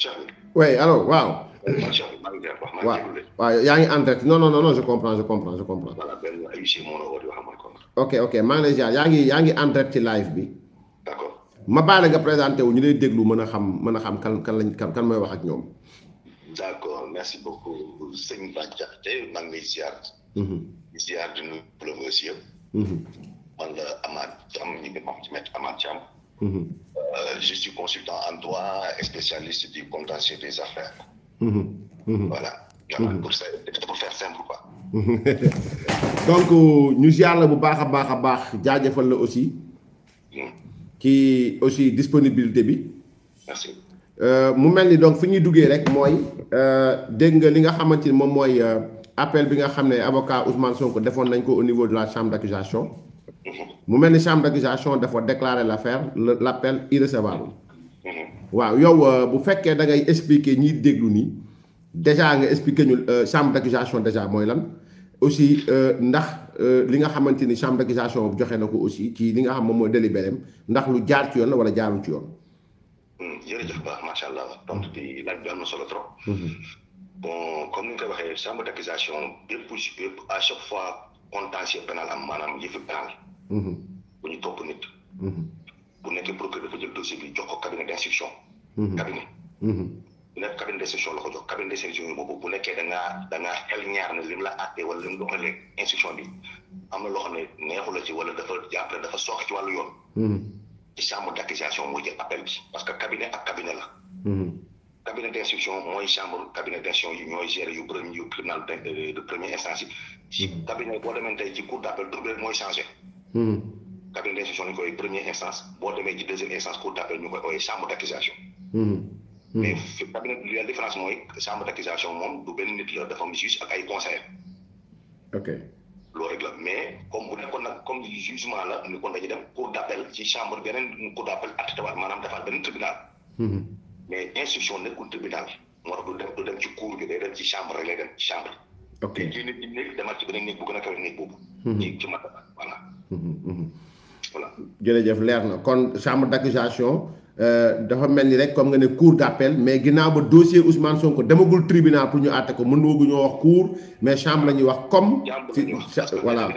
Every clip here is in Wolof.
Cheikh bi. oui allo waaw. waaw Cheikh yaa ngi en direct non non non je comprends je comprends je comprends. voilà benn ayusé moo la woo yaa ngi yaa ngi en direct ci live bi. d'accord ma baale nga présenté wu ñu lay déglu mën a xam mën a xam kan kan lañ kan kan mooy wax ak ñoom. d'accord merci beaucoup sëñ Ba Diakhaté maa Euh, je suis consultant en droit et spécialiste du contentieux des affaires. Mmh. Mmh. Voilà. Mmh. Pour, pour, faire simple, quoi. donc ñu y allons. bu baax a baax a baax la aussi. qui mmh. aussi disponibilité bi. merci. Euh, mu mel ni donc fi ñuy duggee rek mooy euh, dégg nga li nga xamante ni moom appel bi nga xam avocat Ousmane Sonko defoon nañ ko au niveau de la chambre d'accusation mu mel ni chambre d'accusation dafa déclarer l'affaire l'appel irrecevable waaw yow euh, bu fekkee da ngay expliquer ñiy déglu ni déjà nga expliquer ñu euh, chambre d'accusation déjà mooy lan aussi euh, ndax li nga xamante ni chambre d'accusation bu joxe na ko aussi ci li nga xam moom mooy délibéré ndax lu jaar ci yoon la wala jaarul ci yoon. Hmm, jërëjëf baax macha allah tontu bi laaj bi am na solo trop. Hmm, hmm. bon comme ni nga ko waxee chambre d'accusation bépp bépp à chaque fois. contentieux pénal am maanaam yëfi pénal. Mhm. bu ñu topp nit. Mhm. bu nekkee procureur dafa jël dossier bi jox cabinet d' mhm. cabinet. bu la ko jox cabinet d' instruction boobu bu nekkee da da ngaa xel ñaar ne lim la àttee wala lim doxalee instruction bi am na loo xam la ci wala dafa jàppale dafa sooxe ci wàllu yoon. ci chambre d' accusation mooy jël appel bi parce que cabinet ak cabinet la. cabinet d'instruction mooy chambre cabinet d'instruction yi ñooy gérer yu premier yu tribunal de ci hmm. cabinet boo demee ci cour d'appel tur bi mooy changé hmm. cabinet d'instruction ñu koy première instance boo demee ci deuxième instance cour d'appel ñu koy chambre d'accusation hmm. mais cabinet la différence mooy chambre d'accusation moom du benn nit la dafa am ak ay conseillers ok loolu rek la mais comme bu nekkoon nag comme jugement la ni kon dañuy dem cour d'appel ci chambre beneen cour d'appel attatawaat maanaam defaat beneen tribunal mais instruction nekkul tribunal moo tax du dem ci cour bi day dem ci chambre lay dem ci chambre. ok te génn ci néeg demaat ci beneen néeg bu gën a kawe néeg ci mhm. ci matam voilà. Mhm, mhm, voilà. jërëjëf leer na kon chambre d' Euh, dafa mel ni rek comme nga ne cour d'appel mais ginnaaw ba dossier Ousmane Sonko demagul tribunal pour ñu àtte ko mën woogu ñoo wax cour mais chambre la ñuy wax comme ci voilà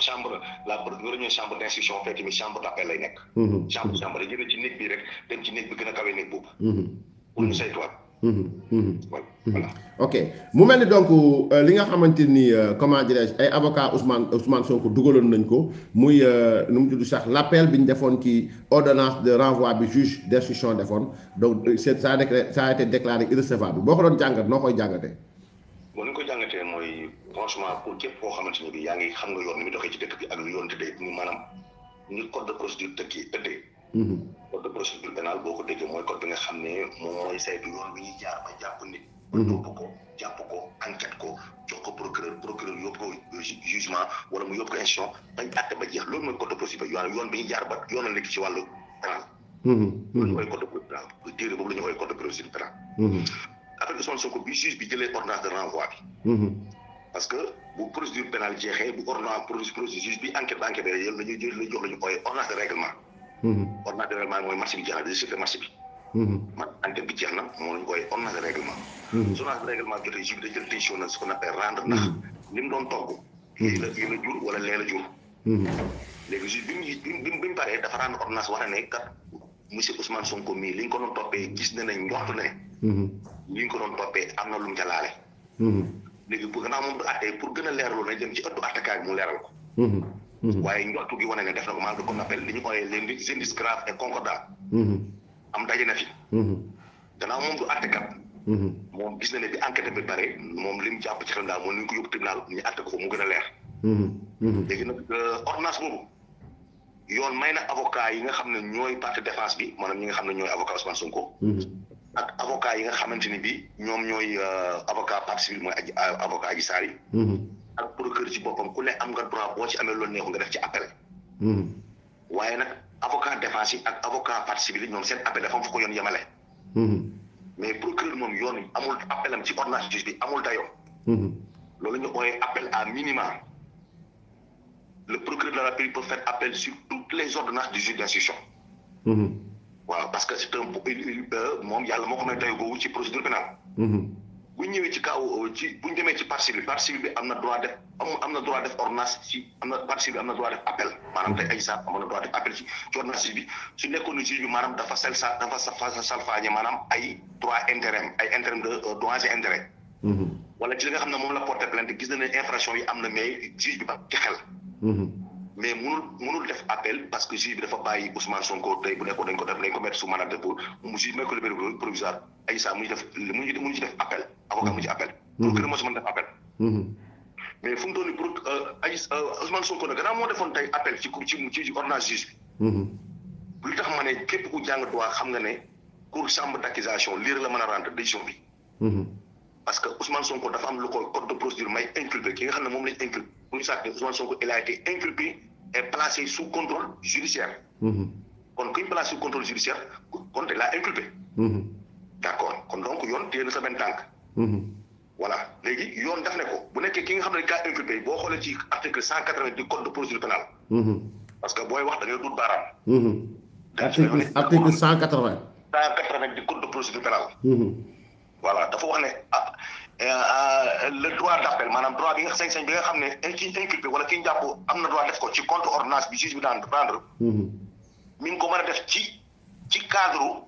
chambre la ñu chambre d'instruction fekk mi chambre d'appel lay nekk mm-hmm. chambre chambre la jëlee ci néeg voilà ok mu mel ni donc euh, li nga xamante ni euh, comment dirais-je ay avocat Ousmane soo ko dugaloon nañ ko muy euh, nu mu tudd sax l'appel bi ñu defoon ci ordonnance de renvoi bi juge d'instruction defoon donc c'est ça ça a été déclaré irrecevable boo ko doon jàngat noo koy jàngatee. boo ñu ko jàngatee mooy franchement pour képp koo xamante bi yaa ngi xam nga yoon ni mu doxee ci dëkk bi ak yoon tëddee maanaam ñu code de procédure dëkk Mm-hmm. code de procédure pénale boo ko déggee mooy code bi nga xam ne moom mooy saytu yoon bi ñuy jaar ba jàpp nit. Mm-hmm. yóbbu ko procureur yoon bi ñuy jaar ba yoonal nekk ci wàllu pénal. Mm-hmm. loolu ñu woowee code de procédure pénale. bi juge bi de renvoi parce que bu procédure pénale jeexee bu ordonnance de règlement. Mm-hmm. ordonnance de règlement mooy marché bi jeex na de suite marché bi. Mm-hmm. man enquête bi jeex na moo la koy ordonnance de mm-hmm. su ordonnance de na ko nappee rendre ndax li mu doon togg. lii la lii la jur wala lee la jur. léegi juge bi mu bi mu bi mu paree dafa rendre ordonnance war ne kat monsieur Ousmane Sonko mii li ñu ko doon toppee gis na ne njort ne. li ñu ko doon toppee am na lu mu ca laale. léegi bu gannaaw moom du àttee pour gën a leerlu na jëm ci ëttu àttekaay bi mu leeral ko. Mm-hmm. waaye njortu gi wane ne def na ko manque de qu'on appelle li ñu ooyee les indices graves et concordants. Mm-hmm. am daje na fi. Mm-hmm. gannaaw moom du àttekat. moom gis na ne bi enquête bi bare moom li mu jàpp ci xel daal moom ni ñu ko yóbbu tribunal ñu àtte ko mu gën a leer. nag euh, ordonnance yoon may na avocat yi nga xam ne ñooy partie défense bi maanaam ñi nga xam ne ñooy avocat Ousmane Sonko. ak avocat yi nga xamante ni bi ñoom ñooy euh, avocat partie mooy euh, avocat Adji yi. ak procureur ci bopam ku ne am nga droit bo ci amé lo neexul nga def ci appel. hmm waaye nak avocat défense ak avocat partie civile ñom seen appel dafa am fu ko yoon yemale. Hmm. mais procureur mom yoon amul appelam ci ordonnance juge bi amul dayo hmm loolu ñu ooyee appel à minima. le procureur de la République peut faire appel sur toutes les ordonnances du juge d'instruction. Hmm. waaw parce que c'est un euh, moom yàlla moo ko may doy googu ci procédure pénale. Hmm. bu ñu ñëwee ci kaw euh, ci bu ñu demee ci partie bi partie bi am na droit def am na droit def ordonnance ci am na partie bi am na droit def appel maanaam tey ay sax am na droit def appel ci ci bi su nekkoon ne juge bi maanaam dafa sel sa dafa sa salfaañe maanaam ay droit intérêt ay intérêt de euh, droit et mm-hmm. wala ci li nga xam ne moom la porté plainte gis na ne infraction yi am na mais juge bi ba ci mais munu munul def appel parce que juge bi dafa bàyyi Ousmane Sonko tey bu nekkoon dañ ko def dañ ko mettre sous mandat de dépôt mu juge ko libéré provisoire ay saa mu ngi def mu ngi def appel avocat mu ci appel. Mm-hmm. appel. Mm-hmm. mais fu mu toll nii pour euh, ay euh, Ousmane Sonko nag moo defoon tey appel ci ci ci ordonnance juge bi. Mm-hmm. lu tax ma ne képp ku jàng droit xam nga ne cour chambre d' accusation la mën a rendre décision bi. parce que Ousmane Sonko dafa am lu ko code de procédure may inculpé ki nga xamne mom moom lañ inculpé buñu ñu Ousmane Sonko il a été inculpé et placé sous contrôle judiciaire. Mhm. kon kuñ placé sous contrôle judiciaire kon de a inculpé. d' mhm. d'accord kon donc yoon téye na sa benn tànk. Mhm. voilà légui yoon daf ne ko bu nekkee ki nga xamne ne inculpé bo xolé ci article 180 du code de procédure pénale. parce que boy wax da ngay dut baaraam. article article 180 180 du code de procédure pénale. voilà dafa wax ne ah euh, le droit d' appel maanaam droit bi nga sañ-sañ bi nga xam ne ki ñu inculpé wala ki ñu jàpp am na droit def ko ci contre ordonnance bi juge bi rendre mhm. mi ngi ko mën a def ci ci cadre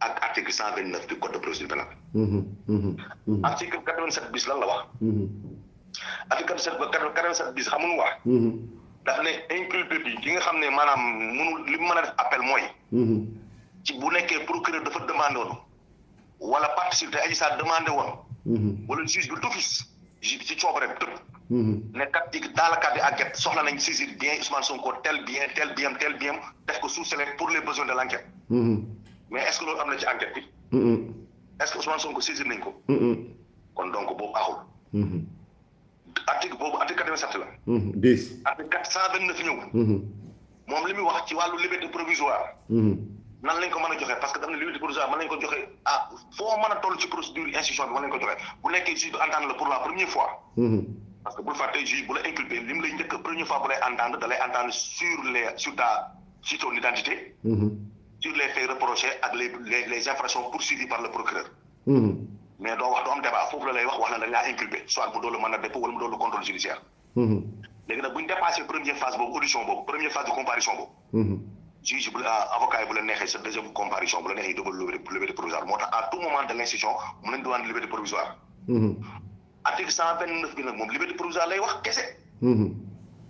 article 129. du code de procédure pénale mm-hmm. Mm-hmm. Mm-hmm. article quatre bis lan la wax article 87 bis xamul wax daf ne inculpé bi ki nga xam ne maanaam mënul li mu mën a def appel ci bu nekkee procureur dafa demandé woon wala demander. demandé woon wala juge bi dans le cadre de soxla nañ saisir bien Ousmane Sonko tel bien tel bien tel bien def ko sous pour les besoins de l' mais est-ce que loolu am na ci enquête bi. est-ce que Ousmane Sonko saisir nañ ko. kon donc boobu axul. Mm-hmm. article boobu article quatre-vingt-sept la. bis mm-hmm. article quatre vingt-neuf ñëw. Mm-hmm. moom li muy wax ci wàllu liberté provisoire. nan lañ ko mën a joxe parce que dam na liberté provisoire mën nañ ko joxe ah foo mën a toll ci procédure institution bi mën nañ ko joxe bu nekkee juge bi la pour fois. parce que bu la inculpé li mu bu lay entendre da lay entendre sur les sur les faits reprochés ak les les les infractions par le procureur. Mm-hmm. mais doo wax doo am foofu lay wax wax na dañ inculpé soit mu doon la mandat de dépôt mu doon la contrôle judiciaire. Mm-hmm. léegi nag bu ñu dépassé phase boobu audition boobu première phase de comparution boobu. Mm-hmm. juge bu ah, avocat yi bu la neexee sa deuxième comparution bu la neexee double liberté provisoire moo tax à tout moment de l' mu leen di demander provisoire. article cent vingt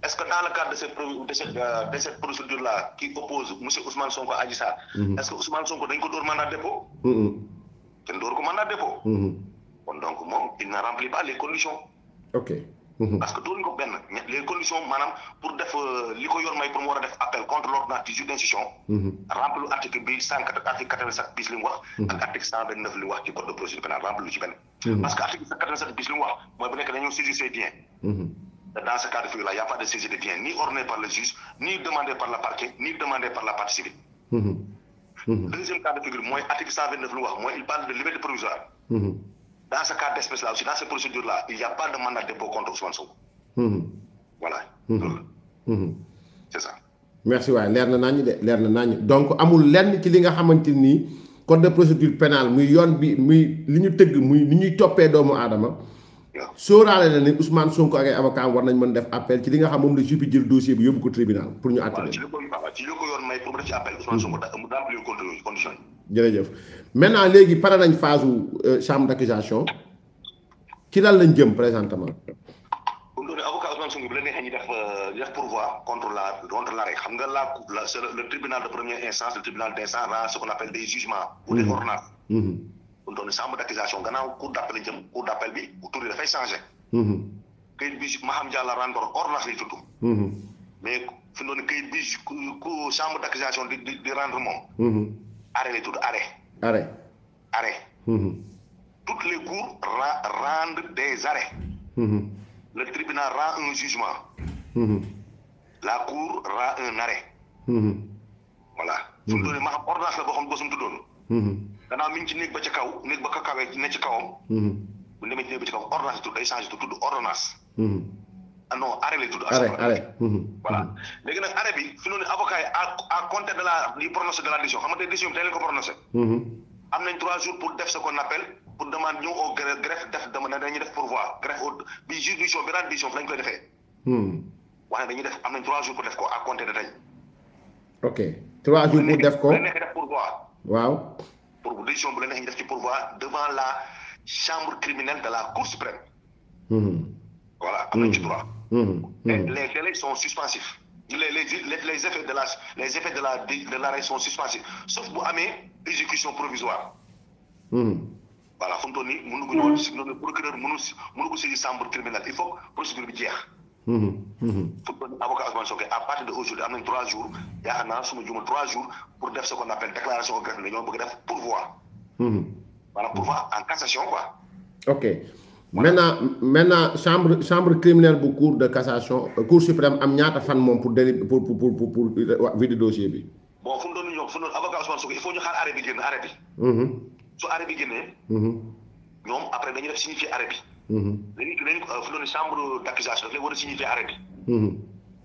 est-ce que dans le cadre de cette de cette euh, de cette procédure là qui oppose monsieur Ousmane Sonko Adji Sarr. Mhm. est-ce que Ousmane Sonko dañ ko dóor mandat dépôt. Mhm. kenn dóor ko mandat dépôt. Mhm. kon donc moom il ne remplit pas les conditions. ok. parce que dóoruñu ko benn les conditions maanaam pour def euh, li ko yoon may pour mu war appel contre l'ordonnance du juge d'instruction. remplir article bi cent quatre article quatre-vingt-sept bis wax. ak cent vingt-neuf li wax ci code de procédure pénale remplir lu dans ce cas de figure-là, il n'y a pas de saisie de biens, ni ordonnée par le juge, ni demandée par la parquet, ni demandée par la partie civile. Mm-hmm. Mm-hmm. Deuxième cas de figure, moi, article 129 loi, moi, il parle de liberté provisoire. Mmh. Dans ce cas d'espèce-là aussi, dans cette procédure-là, il n'y a pas de mandat de dépôt contre Ousmane Sonko. Mm-hmm. Voilà. C'est ça. merci waay leer na de donc amul lenn ci li nga xamante contre code de procédure pénale muy yoon bi muy li ñu tëgg muy li doomu sóoraale na ne Ousmane Sonko ak ay avocat war nañ mën def appel ci li nga xam moom la jupi jël dossier bi yóbbu ko tribunal pour ñu àtte ci la léegi pare nañ phase u euh, chambre d'accusation ci lan lañ jëm présentement comme doon avocat Ousmane Sonko bi la neexee ñu def euh, def pourvoi contre la contre xam nga la la le tribunal de première instance le tribunal d'instance la ce qu'on appelle des jugements ou mmh. bu ñu doon chambre d'accusation gannaaw cour d'appel lañ jëm d'appel bi tur bi dafay changé. Mm-hmm. këyit bi Maham Diallo rendoor ordonnance lay tudd. Mm-hmm. mais fi mu doon këyit bi chambre d'accusation di di di rendre moom. Mm-hmm. arrêt lay tudd arrêt. cours ra des arrêts. le tribunal rend un jugement. la cour rend un arrêt. voilà. fi mu doon ne Maham ordonnance la boo xam ne bosum tuddoon. gannaaw mi ngi ci néeg ba ca kaw néeg ba ka kawee ne ci kawam. Mm-hmm. bu demee ci néeg ba ci kawam ordonnance tudd day changé tudd ordonnance. Mm-hmm. ah non arrêt lay tudd. arrêt arrêt mm-hmm. voilà léegi nag bi fi mu ne avocat de la du prononcé de la décision xam pour def ce qu'on appelle pour demande ñëw au greffe def demande dañuy def pourvoi greffe au bi juridiction bi rende décision fi lañ koy defee. de tey. ok trois jours pour def waaw. pour décision bu la neex ci pourvoi devant la chambre criminelle de la cour suprême. Mm-hmm. voilà am ci mm-hmm. droit. les mm-hmm. les délais sont suspensifs. les les les effets de la les effets de la de l'arrêt sont suspensifs sauf bu amener exécution provisoire. voilà Fontoni, ni mënu ko procureur mënu mënu ko ci chambre criminelle il faut procédure bi jeex pour avocat Ousmane Soké, à partir de aujourd'hui am nañ trois jours yaakaar naa suma juma trois jours pour def ce qu'on appelle déclaration greffe dañoo bëgg def pourvoi. voilà pourvoi en cassation quoi. ok maintenant maintenant chambre chambre criminelle bu cour de cassation euh, cour suprême am ñaata fan moom pour déli pour pour pour pour euh, vide dossier bi. bon fu mu doon ñoom avocat Ousmane Soké, il faut ñu xaar arrêt bi génn arrêt bi. Mm-hmm. su arrêt bi génnee. Mm-hmm. ñoom après dañu def signifier arrêt dañu dañu fu doon chambre d' accusation daf lay war a signifier arrêt bi.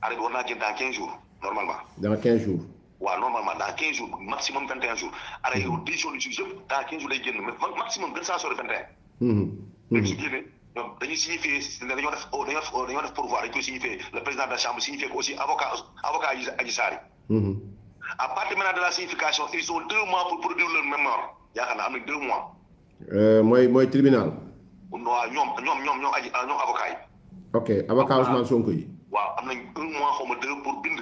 arrêt bi war naa dans quinze jours normalement. dans quinze jours. waaw normalement dans quinze jours maximum vingt et un jours arrêt yow mm-hmm. dix jours yu si yëpp dans quinze jours lay génn mais maximum gën saa sori vingt et un. léegi su génnee ñoom dañuy signifier dañoo def dañoo oh, dañoo def oh, pourvoir dañu koy signifier le président de la chambre signifier ko aussi avocat avocat Adji Sarr mm-hmm. à partir maintenant de la signification ils ont deux mois pour produire leur mémoire yaakaar naa am nañ deux mois. Euh, mooy mooy tribunal. waaw ah, ñoom ñoom ñoom ñoom aji ah, ñoom avocat yi. ok avocat Ousmane Sonko yi. waaw am nañ un mois xaw ma deux pour bind.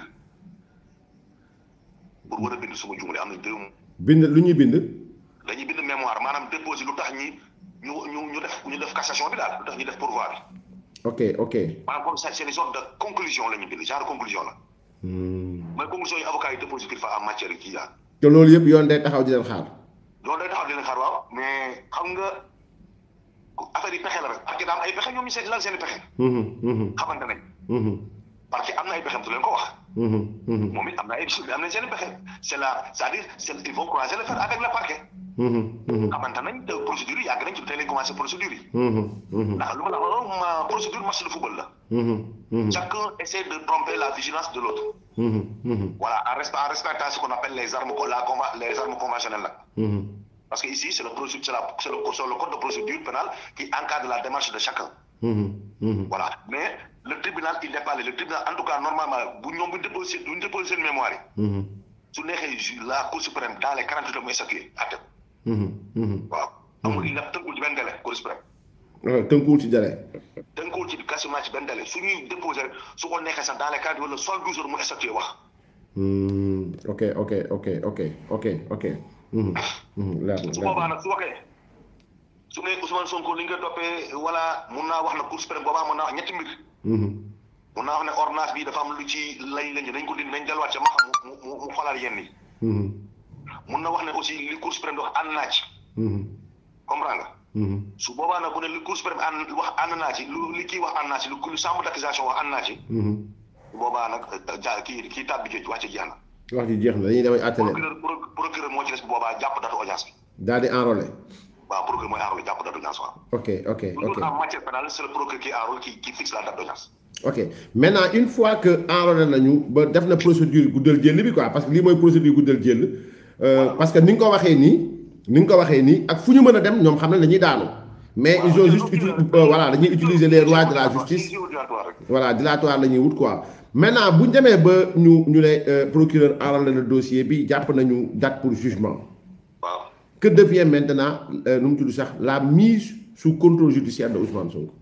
pour war a bind suma jumale am na deux mois. bind lu ñuy bind. dañuy bind mémoire maanaam déposé lu tax ñi ñu ñu ñu def ñu def cassation bi daal lu tax ñu def pourvoi bi. ok ok. maanaam comme ça de conclusion la ñu bind genre la. mooy conclusion yi avocat yi déposé fa am matière kii daal. te loolu yëpp yoon day taxaw di xaar. yoon day taxaw di xaar waaw mais xam nga. affaire yi pexe la rek parce que daam ay pexe ñoom ñu seen lan seeni pexe mhm, mhm. xamante nañ mhm. parce que am na ay pexem du leen ko wax moom it am na ay am nañ seeni pexe c'est la c'est-à-dire c'est il faut croiser le fer avec le parquet xamante nañ euh, procédure yi yàgg nañ ci tey lañ commencé procédure yi ndax lu ma la wax procédure match de football la chacun essaie de tromper la vigilance de l'autre voilà en respectant ce qu'on appelle les armes les armes conventionnelles la Parce qu'ici, c'est le, le, code de procédure pénale qui encadre la démarche de chacun. Hum, hum, hum. Voilà. Mais le tribunal, il n'est pas allé. Le tribunal, en tout cas, normalement, vous n'avez déposez vous déposé une mémoire. Vous n'avez les la Cour suprême, dans les 48 mois il à terme. Voilà. Donc, il a pas de ben délai, Cour suprême. Un la de suprême. Un coup de cassement de ben délai. Si nous déposons, si on est dans les 48 heures, le sol 12 heures, Ok, ok, ok, ok, ok, ok. Mm-hmm. Mm-hmm. leer na su boobaa nag su waxee su ne Ousmane Sonko li nga toppee wala mun naa wax na cour suprême boobaa mun naa wax ñetti mbir. Mm-hmm. mun naa wax ne ordonnance bi dafa am lu ci lay lañu dañ ko dindi dañ delluwaat ca xam mu mu mu xoolaal yenn yi. na wax ne aussi li cour suprême di wax ànd su boobaa nag bu ne li cour suprême wax ànd naa lu li kii wax ànd lu lu chambre d'accusation wax ànd su boobaa nag ja kii kii tàbbi géej wax ci jeex wax di jeex na dañuy dem procureur ok ok ok qui fixe la date ok maintenant une fois que enrôlé nañu ba def na procédure guddal jël bi quoi parce que nous moy procédure guddal jël. Euh, parce que ko ni ak fuñu mais ils ont juste euh, euh, voilà dañuy utiliser les lois de la justice. voilà dilatoire quoi maintenant bu démé ba ñu ñu lay euh, procureur aaral le dossier bi japp nañu date pour jugement. waaw que devient maintenant euh, num mu tudd sax la mise sous contrôle judiciaire de Ousmane Sonko.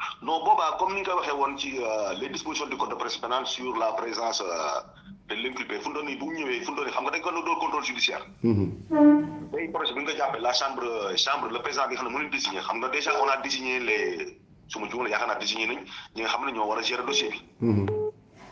Ah, non boba comme ni nga waxé won ci euh, les dispositions du code de procédure pénale sur la présence de l'inculpé fu mu bu ñëwé fu mu xam nga dañ ko contrôle judiciaire. day mm-hmm. projet bu nga jappé la chambre chambre le président bi nga xam ne mënuñ désigner xam nga déjà on a désigné les su ma juumee yaakaar désigné nañ ñi nga xam na ñoo wara a gérer dossier bi. Mm-hmm.